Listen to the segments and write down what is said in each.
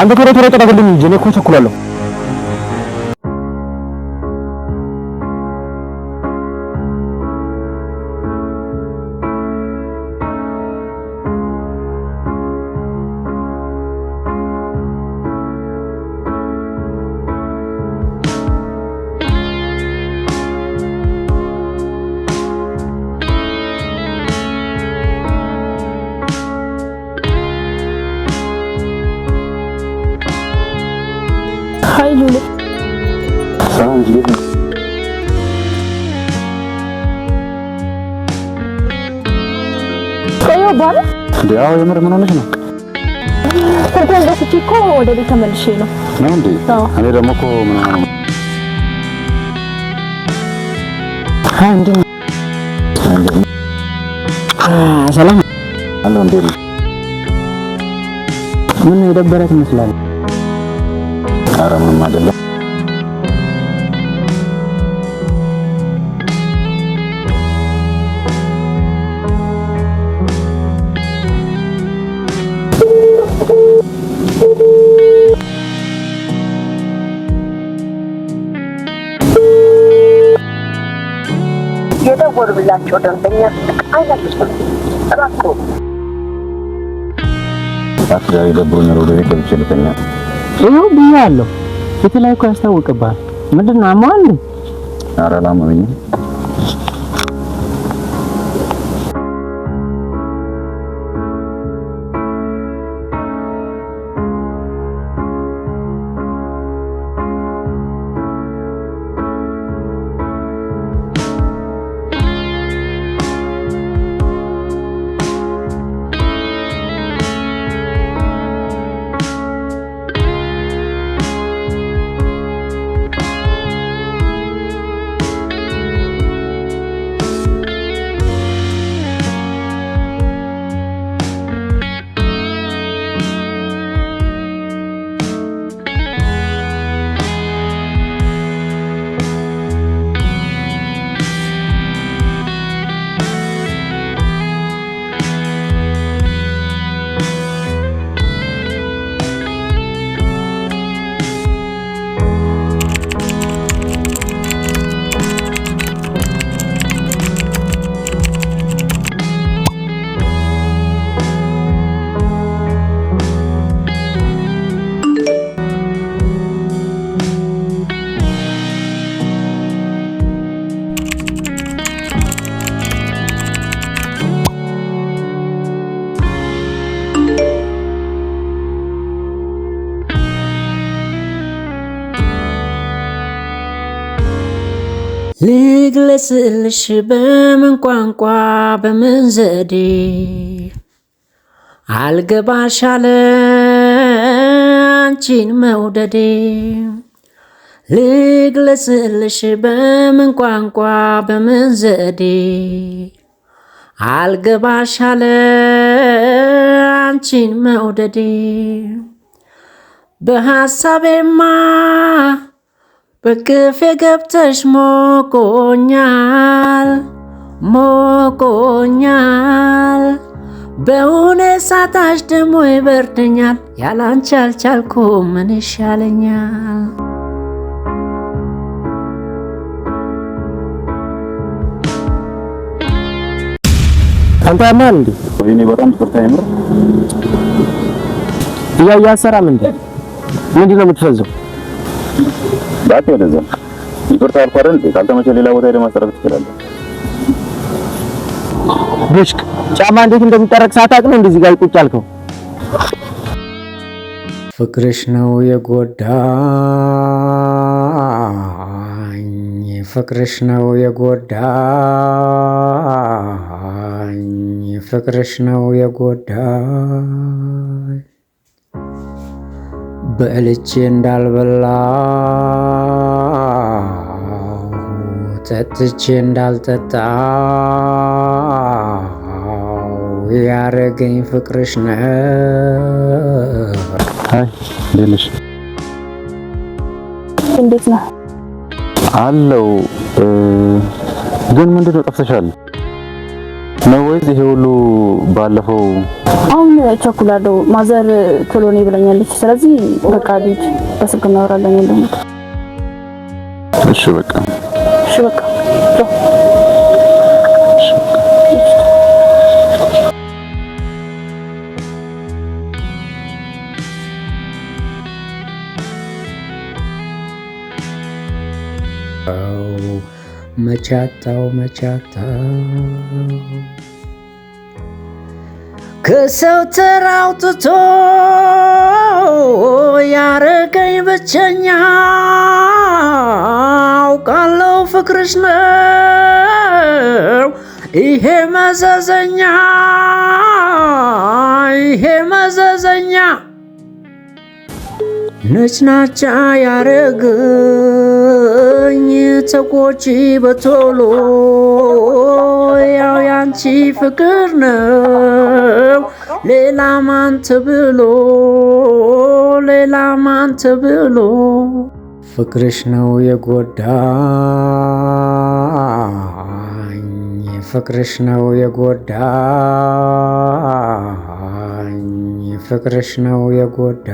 አንተ ቶሎ ቶሎ ቀዳግልኝ እንጂ እኔ እኮ ቸኩላለሁ። ቤት ነው። ቆየሁ ባለ የምር ምን ሆነሽ ነው? ሰርፕራይዝ ደስቼ እኮ ወደ ቤት ተመልሼ ነው። ነው እንዴ? እኔ ደግሞ እኮ ምን ሆነ ነው? አንዴ ሰላም አለው እንዴ? ምን የደበረት ይመስላል? ኧረ ምንም አይደለም። የደወሉላቸው ደንበኛ አይነት እባክዎ አስጋሪ ደብሮኛል፣ ወደ ቤት ገብቼ ልተኛል። ይኸው ብዬሽ አለው። ፊት ላይ እኮ ያስታውቅብሃል። ምንድን ነው አሟል? አላመመኝም ልግለጽልሽ በምን ቋንቋ በምን ዘዴ አልገባሽ አለ አንቺን መውደዴ ልግለጽልሽ በምን ቋንቋ በምን ዘዴ አልገባሽ አለ አንቺን መውደዴ በሐሳቤማ በክፌ ገብተሽ ሞቆኛል ሞቆኛል በሆነ ሳታሽ ደሞ ይበርደኛል ያላንቺ አልቻልኩ ምን ይሻለኛል? አንተ ማን እንዴ? ወይኔ በጣም ይቅርታ ይምር እያ ያሰራም እንዴ ምንድን ነው የምትፈዘው? ባት ወደዛ ይቅርታ አልኩህ አይደል? ካልተመቸህ ሌላ ቦታ ሄደህ ማስጠረቅ ትችላለህ። ብሽቅ ጫማ እንዴት እንደሚጠረቅ ሳታውቅ ነው እንደዚህ ጋር ቁጭ አልከው። ፍቅርሽ ነው የጎዳኝ፣ ፍቅርሽ ነው የጎዳኝ፣ ፍቅርሽ ነው የጎዳኝ በልቼ እንዳልበላ ጠጥቼ እንዳልጠጣ ያረገኝ ፍቅርሽ ነው። እንዴት ነህ? አለው ግን ምንድን ነው ጠፍተሻል? ነው ወይስ ይሄ ሁሉ ባለፈው? አሁን እቸኩላለሁ። ማዘር ቶሎ ብለኛለች። ስለዚህ በቃ ልጅ በስልክ እናወራለን ያለሁት። እሺ በቃ መቼ አጣው መቼ አጣው ከሰው ተራውጥቶ ያረገኝ ብቸኛ አውቃለው ፍቅርሽ ነው ይሄ መዘዘኛ ይሄ መዘዘኛ ነጭናጫ ያረገኝ ተቆጪ በቶሎ ያው ያንቺ ፍቅር ነው ሌላ ማን ተብሎ ሌላ ማን ተብሎ ፍቅርሽ ነው የጎዳኝ ፍቅርሽ ነው የጎዳ ፍቅርሽ ነው የጎዳ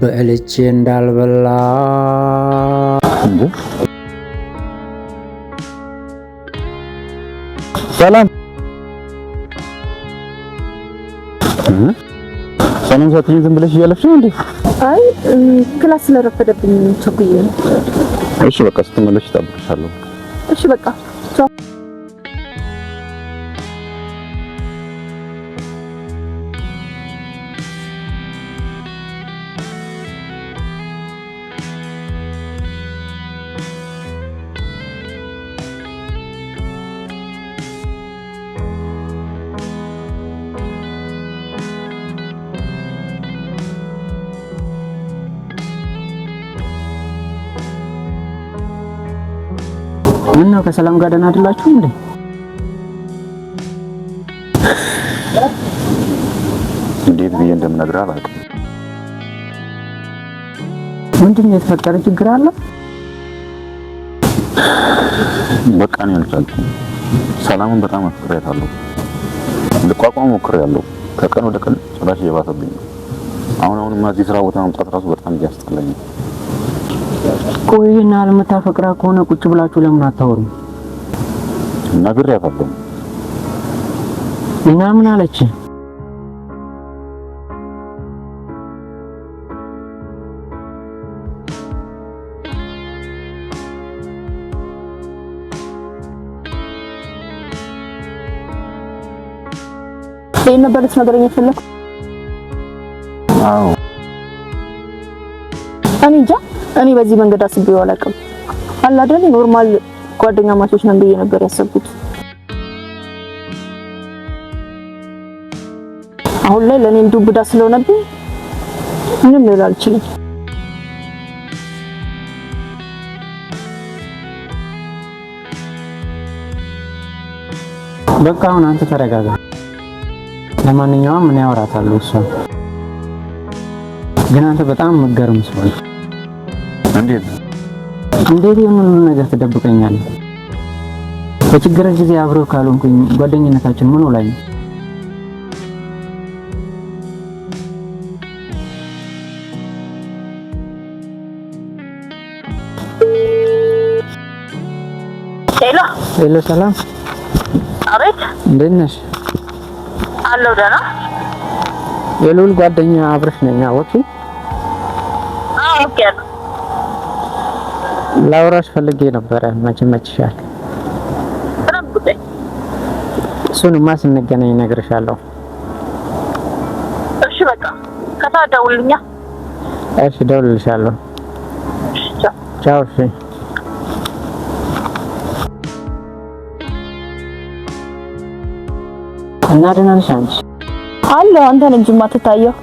በልቼ እንዳልበላ ሰላም ሰላም ሳትኝ ዝም ብለሽ እያለፍሽ ነው እንዴ? አይ ክላስ ስለረፈደብኝ ቸኩዬ። እሺ በቃ ስትመለሽ እጠብቅሻለሁ። እሺ በቃ ምን ነው ከሰላም ጋር ደህና አይደላችሁ እንዴ? እንዴት ብዬ እንደምነግርህ አላውቅም። ምንድን ነው የተፈጠረ? ችግር አለ? በቃ ነው አልቻልኩም። ሰላምን በጣም አፍቅሬያታለሁ። ልቋቋም ሞክሬያለሁ። ከቀን ወደ ቀን ጭራሽ እየባሰብኝ ነው። አሁን አሁንማ እዚህ ስራ ቦታ መምጣት ራሱ በጣም እያስጠላኝ ነው። ቆይና ለምታፈቅራ ከሆነ ቁጭ ብላችሁ ለምን አታወሩ? እና ብር ያፈቅሩ እና ምን አለች? ይሄን ነበርስ ነገረኝ ፈለኩ። አዎ እኔ እንጃ። እኔ በዚህ መንገድ አስቤው አላውቅም። አላደለ ኖርማል ጓደኛ ማቾች ነን ብዬ ነበር ያሰብኩት። አሁን ላይ ለኔ እንዲሁ ብዳ ስለሆነብኝ ምንም ልል አልችልም። በቃ አሁን አንተ ተረጋጋ። ለማንኛውም ምን አወራታለሁ እሷ ግን አንተ በጣም መገርም ስለሆነ እንዴት ነው? እንዴት የምንሆን ነገር ትደብቀኛለህ? በችግር ጊዜ አብረው ካልሆንኩኝ ጓደኝነታችን ምን ላይ ነው? ሄሎ ሰላም። አቤት። እንዴት ነሽ? አለሁ ደህና። የልዑል ጓደኛ አብረሽ ነኝ። አወቂ አውቄያለሁ። ላውራሽ ፈልጌ ነበረ። መቼ መችሻል? እሱንማ ስንገናኝ እነግርሻለሁ። እሺ በቃ ከታ ደውልልኛ። እሺ ደውልልሻለሁ። ቻው። እሺ እና ደህና ነሽ አንቺ? አለሁ። አንተ ነህ እንጂ የማትታየው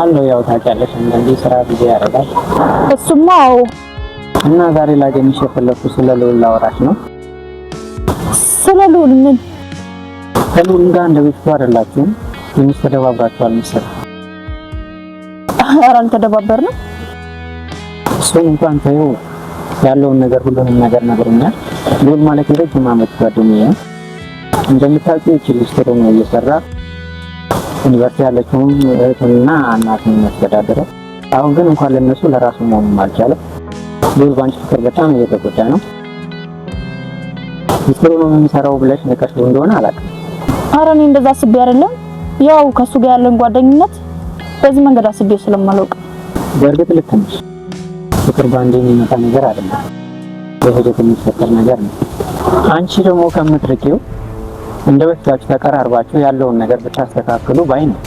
አለው ያው ታውቂያለሽ፣ አንዳንዴ ስራ ጊዜ ያደርጋል። እሱማ አዎ። እና ዛሬ ላገኝሽ የፈለኩት ስለ ልዑል ላወራሽ ነው። ስለ ልዑል ምን? ከልዑል ጋር እንደ ቤቱ አይደላችሁም? ትንሽ ተደባብራችኋል መሰለኝ። ኧረ አልተደባበርንም። እሱም እንኳን ተይው፣ ያለውን ነገር ሁሉንም ነገር ነግሮኛል። ልዑል ማለት የረጅም ዓመት ጓደኛዬ ነው። እንደምታውቂው ይቺ ልጅ ጥሩ ነው እየሰራ ዩኒቨርሲቲ ያለችውም እህቱንና እናቱን የሚያስተዳድረው። አሁን ግን እንኳን ለነሱ ለራሱ መሆኑም አልቻለም። ልዑል በአንቺ ፍቅር በጣም እየተጎዳ ነው። ሚስጥሩ ነው የሚሰራው ብለሽ ነቀሽ እንደሆነ አላውቅም። ኧረ እኔ እንደዛ አስቤ አይደለም። ያው ከእሱ ጋር ያለን ጓደኝነት በዚህ መንገድ አስቤ ስለማላውቅ። በእርግጥ ልክ ነሽ። ፍቅር በአንዴ የሚመጣ ነገር አይደለም፣ በሂደት የሚፈጠር ነገር ነው። አንቺ ደግሞ ከምትርቂው እንደ በፊታችሁ ተቀራርባችሁ ያለውን ነገር ብታስተካክሉ ባይ ነው።